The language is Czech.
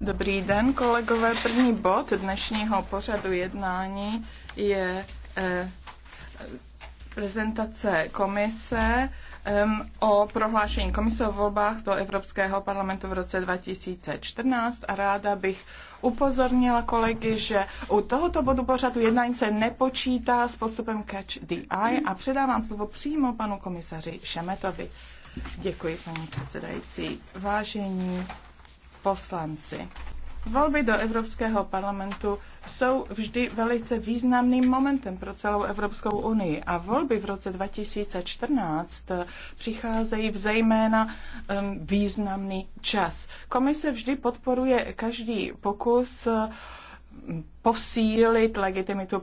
Dobrý den, kolegové. První bod dnešního pořadu jednání je eh, prezentace komise um, o prohlášení komise o volbách do Evropského parlamentu v roce 2014 a ráda bych upozornila kolegy, že u tohoto bodu pořadu jednání se nepočítá s postupem Catch the Eye a předávám slovo přímo panu komisaři Šemetovi. Děkuji, paní předsedající. Vážení poslanci, Volby do Evropského parlamentu jsou vždy velice významným momentem pro celou Evropskou unii a volby v roce 2014 přicházejí v zejména významný čas. Komise vždy podporuje každý pokus posílit legitimitu